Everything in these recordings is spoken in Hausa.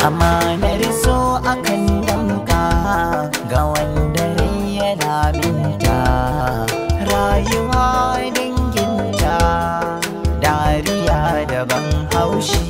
amanar so akan damka ga wanda ya laminta rayuwa dinginta dariya daban haushi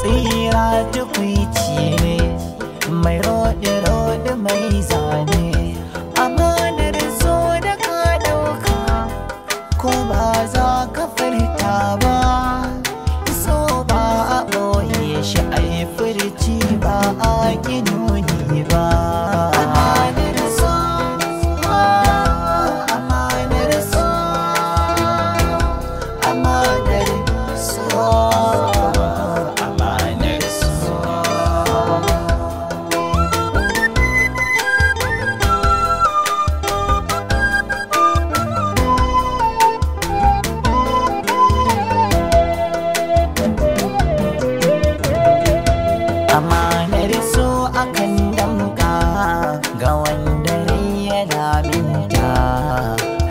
tsira tukwici ne mai roɗe-roɗe, mai zane amanar zo da ka ɗauka, ko ba za ka furta ba so ba a ɓoye shi a yi furci ba a ƙi nuni ba na so akan damka ga wanda ya daminta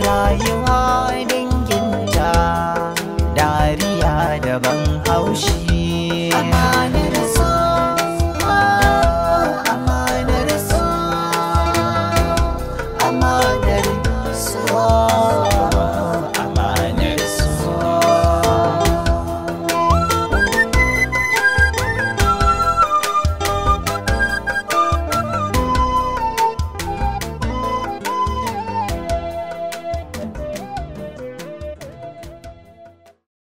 rayuwa dinginta, dariya daban haushi